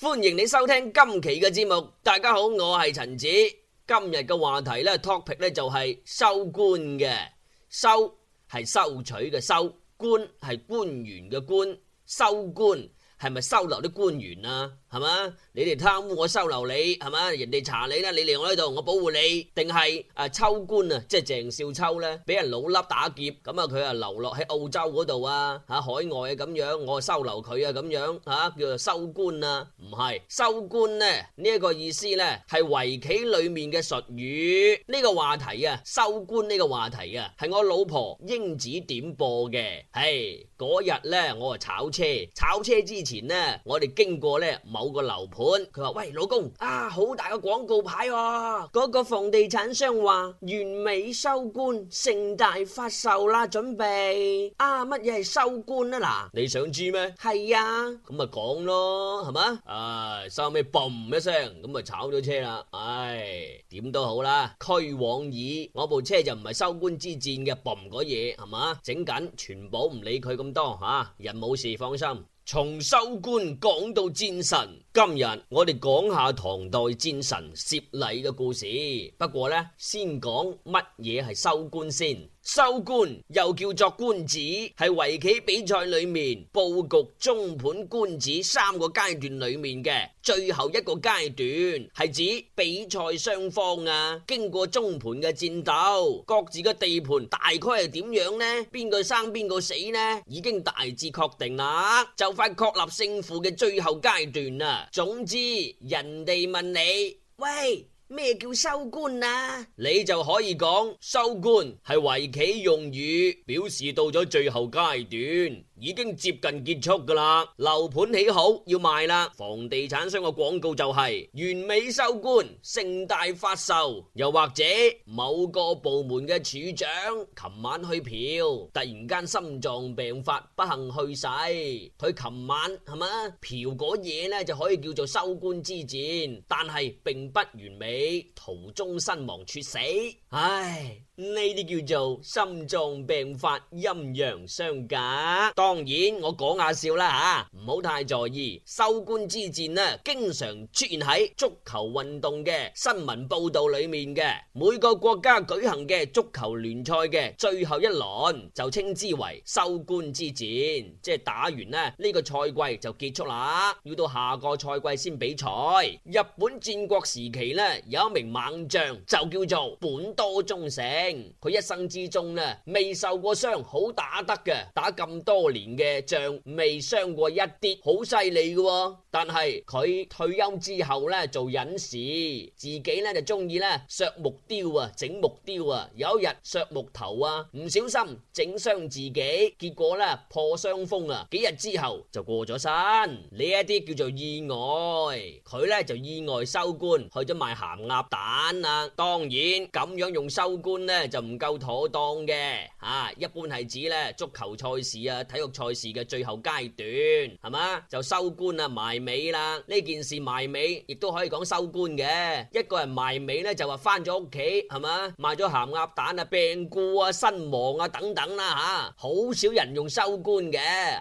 歡迎你收聽今期嘅節目，大家好，我係陳子，今日嘅話題咧，topic 咧就係收官嘅收係收取嘅收，官係官員嘅官，收官係咪收留啲官員啊？係嘛？你哋貪污我收留你係嘛？人哋查你啦，你嚟我呢度，我保護你。定係啊秋官啊，即係鄭少秋咧，俾人老笠打劫咁啊，佢啊流落喺澳洲嗰度啊，吓海外啊咁樣，我收留佢啊咁樣吓，叫做收官啊？唔係，收官咧呢一個意思咧，係圍棋裏面嘅術語。呢個話題啊，收官呢個話題啊，係我老婆櫻子點播嘅。係嗰日咧，我啊炒車，炒車之前咧，我哋經過咧。某個樓盤，佢話喂，老公啊，好大個廣告牌哦，啊！嗰個房地產商話，完美收官，盛大發售啦，準備啊！乜嘢係收官啊？嗱，你想知咩？係啊，咁咪講咯，係嘛？唉、啊，收尾嘣一聲，咁咪炒咗車啦！唉、哎，點都好啦，趨往矣。我部車就唔係收官之戰嘅，嘣嗰嘢係嘛？整緊全保唔理佢咁多啊，人冇事，放心。從收官講到戰神，今日我哋講下唐代戰神薛禮嘅故事。不過呢，先講乜嘢係收官先。收官又叫做官子，係圍棋比賽裏面布局、中盤、官子三個階段裏面嘅最後一個階段，係指比賽雙方啊經過中盤嘅戰鬥，各自嘅地盤大概係點樣呢？邊個生邊個死呢？已經大致確定啦，就快確立勝負嘅最後階段啦，啊。總之，人哋問你，喂，咩叫收官啊？你就可以講收官係圍棋用語，表示到咗最後階段。已經接近結束噶啦，樓盤起好要賣啦，房地產商嘅廣告就係、是、完美收官，盛大發售。又或者某個部門嘅處長，琴晚去嫖，突然間心臟病發，不幸去世。佢琴晚係嘛？嫖嗰嘢，呢就可以叫做收官之戰，但係並不完美，途中身亡猝死。唉。呢啲叫做心臟病發，陰陽相隔。當然我講下笑啦，吓唔好太在意。收官之戰呢，經常出現喺足球運動嘅新聞報道裏面嘅每個國家舉行嘅足球聯賽嘅最後一輪就稱之為收官之戰，即係打完呢呢、這個賽季就結束啦，要到下個賽季先比賽。日本戰國時期呢有一名猛將就叫做本多忠勝。佢一生之中咧未受過傷，好打得嘅，打咁多年嘅仗，未傷過一啲，好犀利嘅。但係佢退休之後咧做隱士，自己咧就中意咧削木雕啊，整木雕啊。有一日削木頭啊，唔小心整傷自己，結果咧破傷風啊，幾日之後就過咗身。呢一啲叫做意外，佢咧就意外收官去咗賣鹹鴨蛋啦。當然咁樣用收官咧。就唔夠妥當嘅吓，一般係指咧足球賽事啊、體育賽事嘅最後階段係嘛，就收官啊、埋尾啦。呢件事埋尾亦都可以講收官嘅。一個人埋尾咧就話翻咗屋企係嘛，賣咗鹹鴨蛋啊、病故啊、身亡啊等等啦吓，好少人用收官嘅，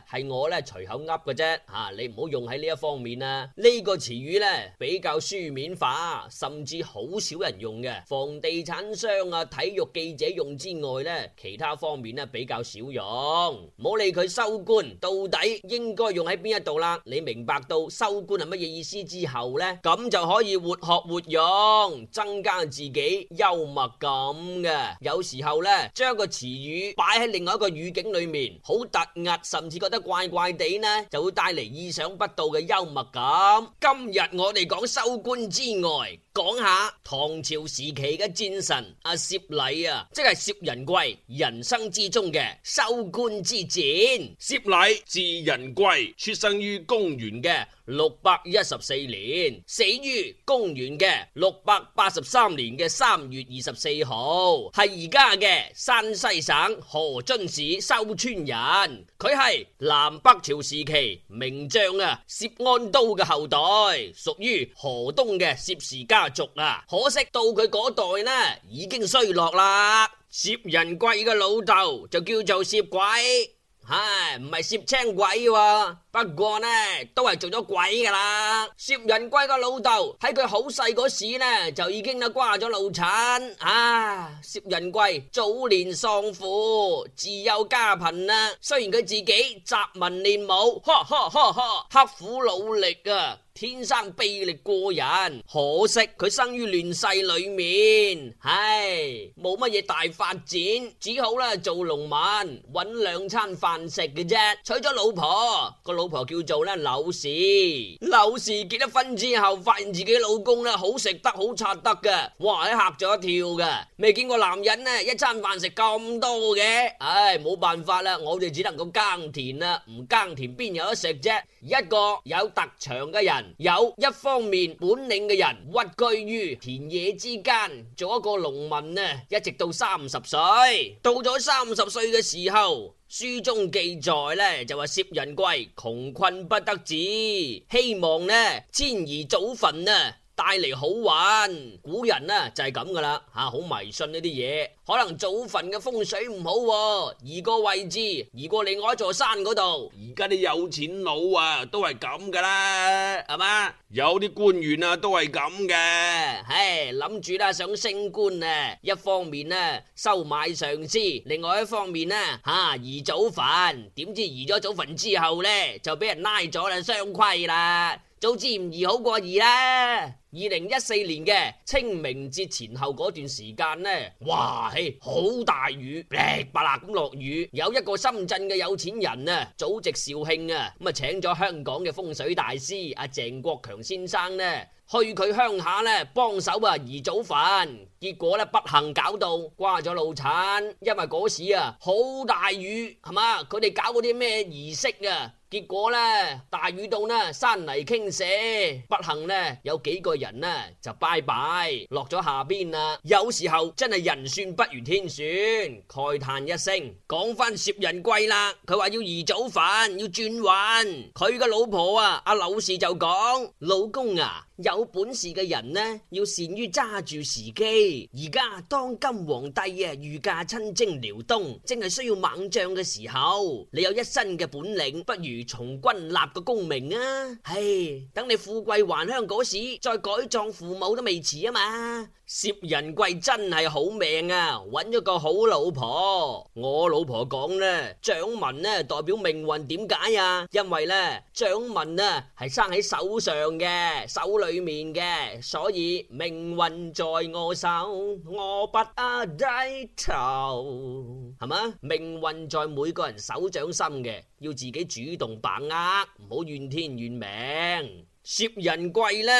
係我咧隨口噏嘅啫吓，你唔好用喺呢一方面啊。呢個詞語咧比較書面化，甚至好少人用嘅。房地產商啊、體育。記者用之外呢，其他方面呢比較少用。唔好理佢收官，到底應該用喺邊一度啦？你明白到收官係乜嘢意思之後呢，咁就可以活學活用，增加自己幽默感嘅。有時候呢，將個詞語擺喺另外一個語境裏面，好突兀，甚至覺得怪怪地呢，就會帶嚟意想不到嘅幽默感。今日我哋講收官之外。講下唐朝時期嘅戰神阿薛禮啊，即係薛仁貴，人生之中嘅收官之戰。薛禮字仁貴，出生於公元嘅。六百一十四年，死於公元嘅六百八十三年嘅三月二十四號，係而家嘅山西省河津市修村人。佢係南北朝時期名將啊，薛安都嘅後代，屬於河東嘅薛氏家族啊。可惜到佢嗰代呢，已經衰落啦。薛仁貴嘅老豆就叫做薛鬼。唉，唔係攝青鬼，啊？不過呢都係做咗鬼噶啦。薛仁貴個老豆喺佢好細嗰時呢，就已經啦瓜咗老襯！啊！薛仁貴早年喪父，自幼家貧啦，啊。雖然佢自己習文練武，哈哈哈，刻苦努力啊！天生臂力過人，可惜佢生於亂世裏面，唉，冇乜嘢大發展，只好咧做農民，揾兩餐飯食嘅啫。娶咗老婆，個老婆叫做咧柳氏。柳氏結咗婚之後，發現自己老公咧好食得好刷得嘅，哇喺嚇咗一跳嘅，未見過男人呢一餐飯食咁多嘅，唉，冇辦法啦，我哋只能夠耕田啦，唔耕田邊有得食啫。一個有特長嘅人。有一方面本領嘅人屈居於田野之間，做一個農民呢，一直到三十歲。到咗三十歲嘅時候，書中記載呢，就話，薛仁貴窮困不得志，希望呢遷移祖墳啊。帶嚟好玩，古人呢、啊、就係咁噶啦，吓、啊、好迷信呢啲嘢。可能祖墳嘅風水唔好、啊，移個位置，移過另外一座山嗰度。而家啲有錢佬啊都係咁噶啦，係嘛吧？有啲官員啊都係咁嘅，唉諗住啦想升官啊，一方面呢、啊，收買上司，另外一方面呢、啊，吓、啊、移祖墳，點知移咗祖墳之後呢，就俾人拉咗啦，雙規啦。早知唔易好過宜啦！二零一四年嘅清明節前後嗰段時間呢，哇，好大雨，噼吧啦咁落雨。有一個深圳嘅有錢人啊，祖籍肇慶啊，咁啊請咗香港嘅風水大師阿鄭國強先生呢，去佢鄉下呢幫手啊移祖墳，結果呢不幸搞到瓜咗路殘，因為嗰時啊好大雨，係嘛，佢哋搞嗰啲咩儀式啊？結果呢，大雨到呢，山泥傾瀉，不幸呢有幾個人呢就拜拜落咗下邊啦。有時候真係人算不如天算，慨嘆一聲。講翻薛仁貴啦，佢話要移早飯，要轉運。佢個老婆啊，阿柳氏就講：老公啊。有本事嘅人呢，要善於揸住時機。而家當今皇帝啊，御駕親征遼東，正係需要猛將嘅時候。你有一身嘅本領，不如從軍立個功名啊！唉，等你富貴還鄉嗰時，再改葬父母都未遲啊嘛！薛仁貴真係好命啊！搵咗個好老婆。我老婆講呢，掌紋呢代表命運，點解啊？因為呢，掌紋呢係生喺手上嘅，手裏面嘅，所以命運在我手，我不啊低頭，係嘛？命運在每個人手掌心嘅，要自己主動把握，唔好怨天怨命。薛仁貴呢，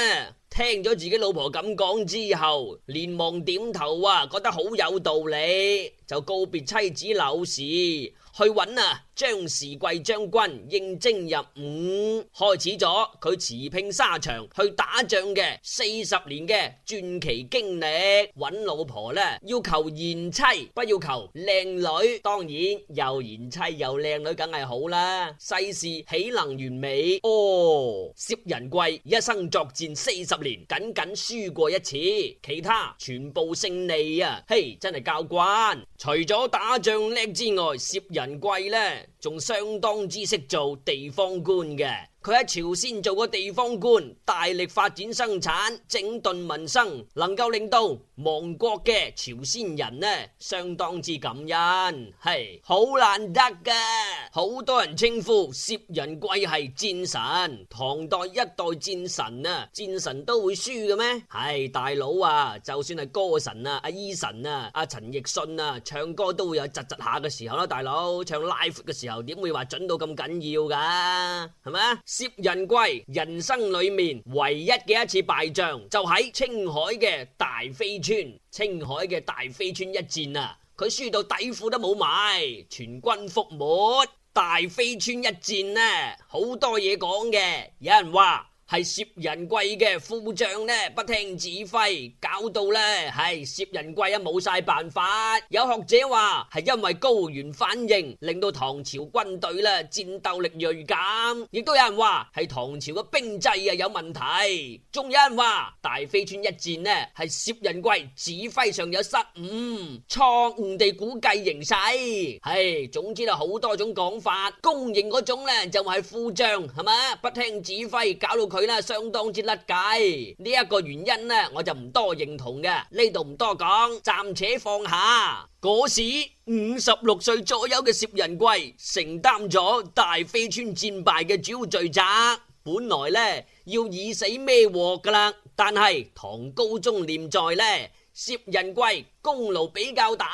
聽咗自己老婆咁講之後，連忙點頭啊，覺得好有道理，就告別妻子柳氏。去揾啊張士貴將軍應徵入伍，開始咗佢馳騁沙場去打仗嘅四十年嘅傳奇經歷。揾老婆呢，要求賢妻，不要求靚女。當然又賢妻又靚女梗係好啦。世事豈能完美？哦，薛仁貴一生作戰四十年，僅僅輸過一次，其他全部勝利啊！嘿，真係教官，除咗打仗叻之外，薛仁。唔貴咧。仲相當之識做地方官嘅。佢喺朝鮮做過地方官，大力發展生產，整頓民生，能夠令到亡國嘅朝鮮人呢，相當之感恩，係好難得噶。好多人稱呼薛仁貴係戰神，唐代一代戰神啊，戰神都會輸嘅咩？係大佬啊，就算係歌神啊，阿 Eason 啊，阿陳奕迅啊，唱歌都會有窒窒下嘅時候啦，大佬唱 live 嘅時候。又點會話準到咁緊要噶？係咪啊？薛仁貴人生裏面唯一嘅一次敗仗就喺青海嘅大非川，青海嘅大非川一戰啊，佢輸到底褲都冇買，全軍覆沒。大非川一戰呢、啊，好多嘢講嘅。有人話。係薛仁貴嘅副將呢，不聽指揮，搞到呢，係薛仁貴啊冇晒辦法。有學者話係因為高原反應令到唐朝軍隊啦戰鬥力銳減，亦都有人話係唐朝嘅兵制啊有問題。仲有人話大非川一戰呢係薛仁貴指揮上有失誤，錯誤地估計形勢。係總之啊好多種講法，公認嗰種呢就係副將係咪？不聽指揮，搞到佢。佢呢，相當之甩計，呢、這、一個原因呢，我就唔多認同嘅，呢度唔多講，暫且放下。嗰時五十六歲左右嘅薛仁貴承擔咗大非川戰敗嘅主要罪責，本來呢，要以死孭鑊噶啦，但係唐高宗念在呢，薛仁貴功勞比較大，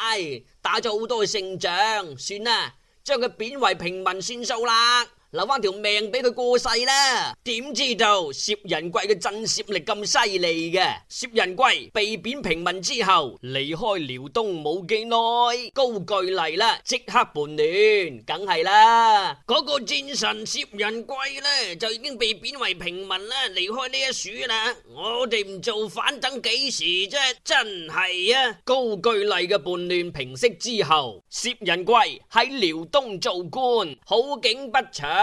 打咗好多勝仗，算啦，將佢貶為平民算數啦。留翻條命俾佢過世啦！點知道薛仁貴嘅震懾力咁犀利嘅？薛仁貴被貶平民之後，離開遼東冇幾耐，高句麗啦即刻叛亂，梗係啦！嗰個戰神薛仁貴呢就已經被貶為平民啦，離開呢一樹啦！我哋唔做反，等幾時啫？真係啊！高句麗嘅叛亂平息之後，薛仁貴喺遼東做官，好景不長。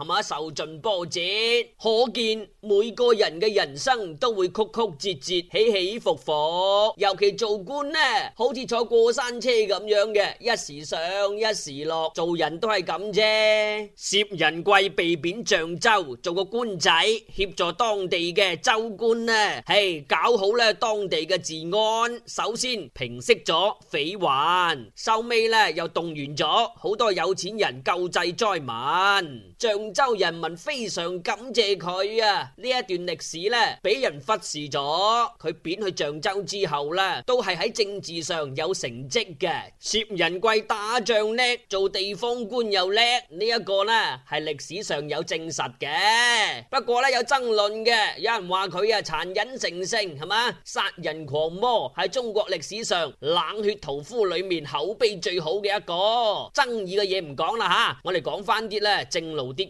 係嘛，受盡波折，可見每個人嘅人生都會曲曲折折、起起伏伏。尤其做官呢，好似坐過山車咁樣嘅，一時上，一時落。做人都係咁啫。薛仁貴被貶象州，做個官仔，協助當地嘅州官呢，嘿，搞好呢當地嘅治安。首先平息咗匪患，收尾呢又動員咗好多有錢人救濟災民，將，州人民非常感謝佢啊！呢一段歷史咧，俾人忽視咗。佢貶去象州之後咧，都係喺政治上有成績嘅。薛仁貴打仗叻，做地方官又叻，呢一個咧係歷史上有證實嘅。不過咧有爭論嘅，有人話佢啊殘忍成性，係嘛殺人狂魔，係中國歷史上冷血屠夫裏面口碑最好嘅一個。爭議嘅嘢唔講啦吓，我哋講翻啲咧正路啲。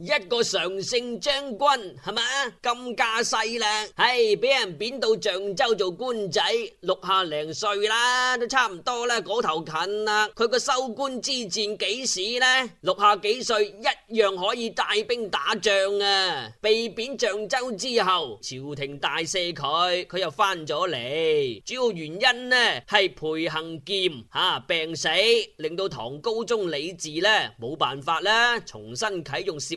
一個常勝將軍係嘛，咁架勢啦，係俾人貶到象州做官仔，六下零歲啦，都差唔多啦，嗰頭近啦。佢個收官之戰幾時呢？六下幾歲一樣可以帶兵打仗啊！被貶象州之後，朝廷大赦佢，佢又翻咗嚟。主要原因呢係裴行儉吓病死，令到唐高宗李治呢冇辦法啦，重新啟用薛。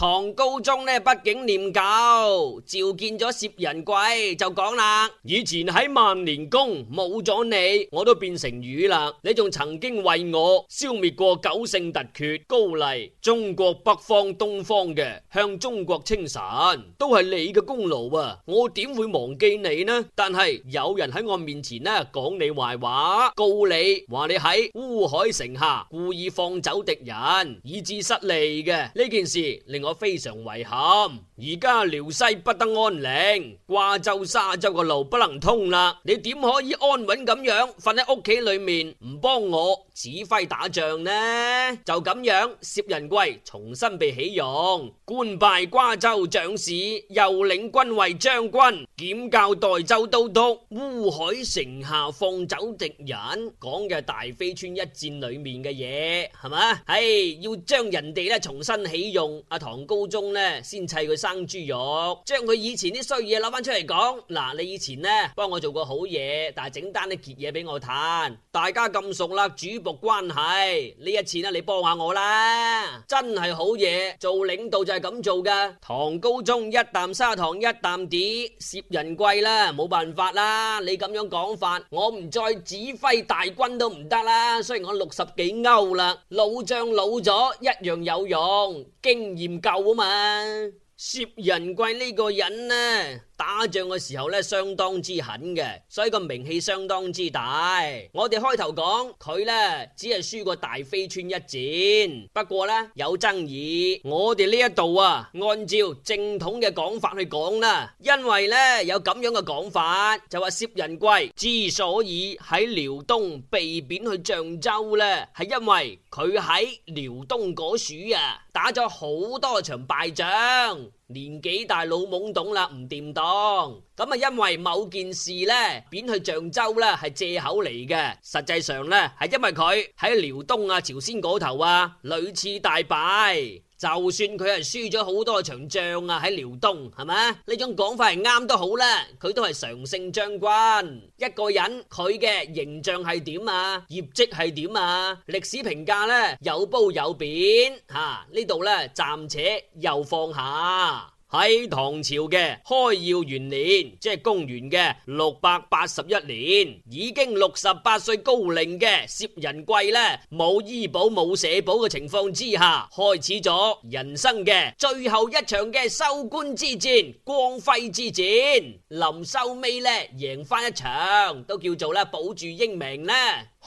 唐高宗呢，畢竟念舊，召見咗薛仁貴就講啦：以前喺萬年宮冇咗你，我都變成魚啦。你仲曾經為我消滅過九姓突厥、高麗、中國北方、東方嘅，向中國稱臣，都係你嘅功勞啊！我點會忘記你呢？但係有人喺我面前呢講你壞話，告你話你喺烏海城下故意放走敵人，以致失利嘅呢件事，令我。我非常遺憾，而家遼西不得安寧，瓜州沙州嘅路不能通啦。你點可以安穩咁樣瞓喺屋企裏面，唔幫我指揮打仗呢？就咁樣，薛仁貴重新被起用，官拜瓜州將士，又領軍為將軍，檢校代州都督。烏海城下放走敵人，講嘅大非川一戰裏面嘅嘢係咪？唉，要將人哋咧重新起用，阿唐。唐高宗咧，先砌佢生豬肉，將佢以前啲衰嘢攞翻出嚟講。嗱，你以前咧幫我做過好嘢，但係整單啲傑嘢俾我嘆。大家咁熟啦，主僕關係呢一次咧，你幫下我啦，真係好嘢。做領導就係咁做噶。唐高宗一啖砂糖一啖碟，薛仁貴啦，冇辦法啦。你咁樣講法，我唔再指揮大軍都唔得啦。雖然我六十幾歐啦，老將老咗一樣有用，經驗。夠啊嘛，薛仁貴呢個人呢、啊？打仗嘅時候咧，相當之狠嘅，所以個名氣相當之大。我哋開頭講佢咧，只係輸過大飛川一戰，不過咧有爭議。我哋呢一度啊，按照正統嘅講法去講啦，因為咧有咁樣嘅講法，就話薛仁貴之所以喺遼東被貶去象州咧，係因為佢喺遼東嗰處啊打咗好多場敗仗。年紀大老懵懂啦，唔掂當咁啊！因為某件事呢，貶去象州呢係借口嚟嘅。實際上呢，係因為佢喺遼東啊、朝鮮嗰頭啊屢次大敗。就算佢係輸咗好多場仗啊，喺遼東係咪？呢種講法係啱都好啦，佢都係常勝將軍。一個人佢嘅形象係點啊？業績係點啊？歷史評價咧有褒有貶。吓、啊，呢度咧暫且又放下。喺唐朝嘅開耀元年，即係公元嘅六百八十一年，已經六十八歲高齡嘅薛仁貴咧，冇醫保冇社保嘅情況之下，開始咗人生嘅最後一場嘅收官之戰、光輝之戰，臨收尾咧，贏返一場，都叫做咧保住英名啦。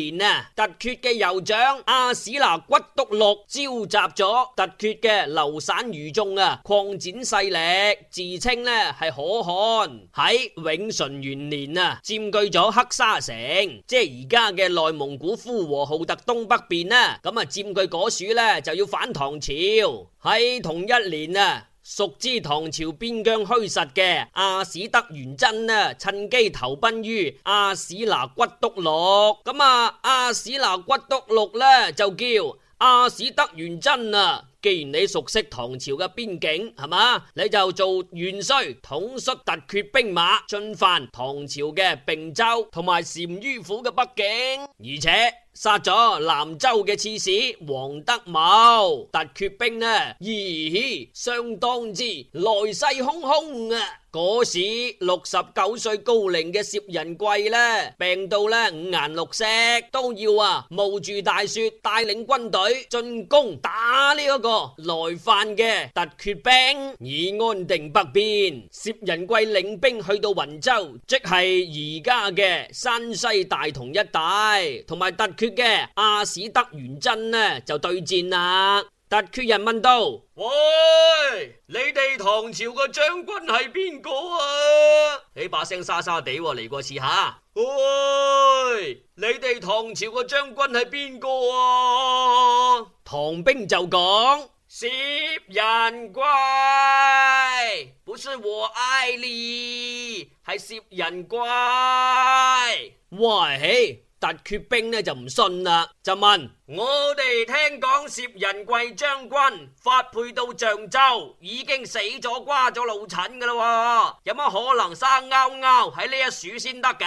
年啊，突厥嘅酋長阿史那骨咄祿召集咗突厥嘅流散餘眾啊，擴展勢力，自稱咧係可汗。喺永淳元年啊，佔據咗黑沙城，即係而家嘅內蒙古呼和浩特東北邊啦。咁啊，佔據嗰處呢，就要反唐朝。喺同一年啊。熟知唐朝邊疆虛實嘅阿史德元真呢、啊，趁機投奔於阿史那骨咄祿，咁啊阿史那骨咄祿呢就叫阿史德元真啊。既然你熟悉唐朝嘅邊境，係嘛？你就做元帥，統率突厥兵馬，進犯唐朝嘅并州同埋單于府嘅北境，而且殺咗南州嘅刺史王德茂，突厥兵呢，咦，咦，相當之來勢洶洶啊！嗰時六十九歲高齡嘅薛仁貴咧，病到咧五顏六色，都要啊冒住大雪帶領軍隊進攻打呢一個來犯嘅突厥兵，以安定北邊。薛仁貴領兵去到雲州，即係而家嘅山西大同一帶，同埋突厥嘅阿史德元真咧就對戰啦。突厥人問道：喂，你哋唐朝個將軍係邊個啊？你把聲沙沙地嚟、哦、過試下。喂，你哋唐朝個將軍係邊個啊？唐兵就講：薛仁貴，不是我愛你，係薛仁貴。喂，嘿。突厥兵呢就唔信啦，就問我哋聽講薛仁貴將軍發配到象州，已經死咗瓜咗老陳㗎喇，有乜可能生勾勾喺呢一樹先得嘅？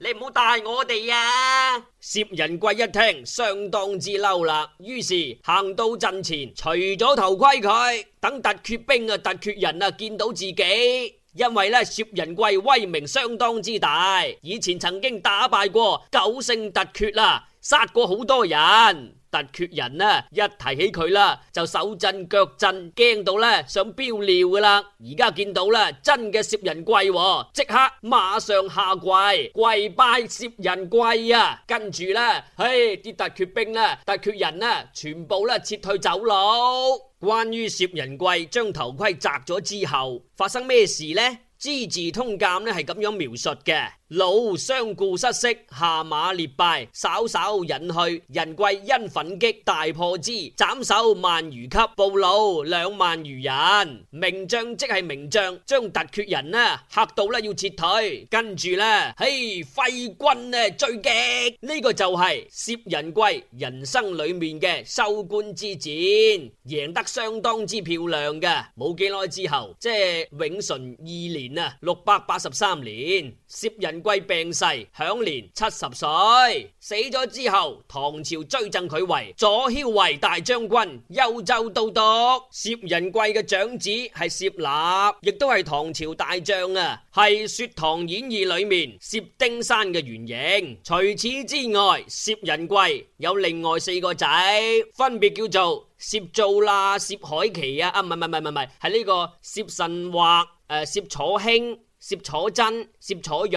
你唔好帶我哋啊！薛仁貴一聽相當之嬲啦，於是行到陣前，除咗頭盔，佢等突厥兵啊、突厥人啊見到自己。因為薛仁貴威名相當之大，以前曾經打敗過九姓突厥啦，殺過好多人。突厥人呢，一提起佢啦，就手震腳震，驚到咧想飆尿噶啦！而家見到啦，真嘅薛仁貴，即刻馬上下跪跪拜薛仁貴啊！跟住啦，嘿啲突厥兵呢，突厥人呢，全部啦撤退走佬。關於薛仁貴將頭盔摘咗之後發生咩事呢？《資治通鑑》呢係咁樣描述嘅。老相顧失色，下馬列拜，稍稍引去。仁貴因奮擊，大破之，斬首萬馀級，捕虜兩萬餘人。名將即係名將，將突厥人呢嚇到呢要撤退，跟住呢，嘿，揮軍呢追擊，呢個就係薛仁貴人生裏面嘅收官之戰，贏得相當之漂亮嘅。冇幾耐之後，即係永淳二年啊，六百八十三年，薛仁。貴病逝，享年七十歲。死咗之後，唐朝追贈佢為左驍衛大將軍、幽州都督。薛仁貴嘅長子係薛訥，亦都係唐朝大將啊，係《說唐演義》裏面薛丁山嘅原型。除此之外，薛仁貴有另外四個仔，分別叫做薛造啦、薛海奇啊，啊，唔係唔係唔係唔係，係呢個薛慎或誒薛楚卿。薛楚真、薛楚玉。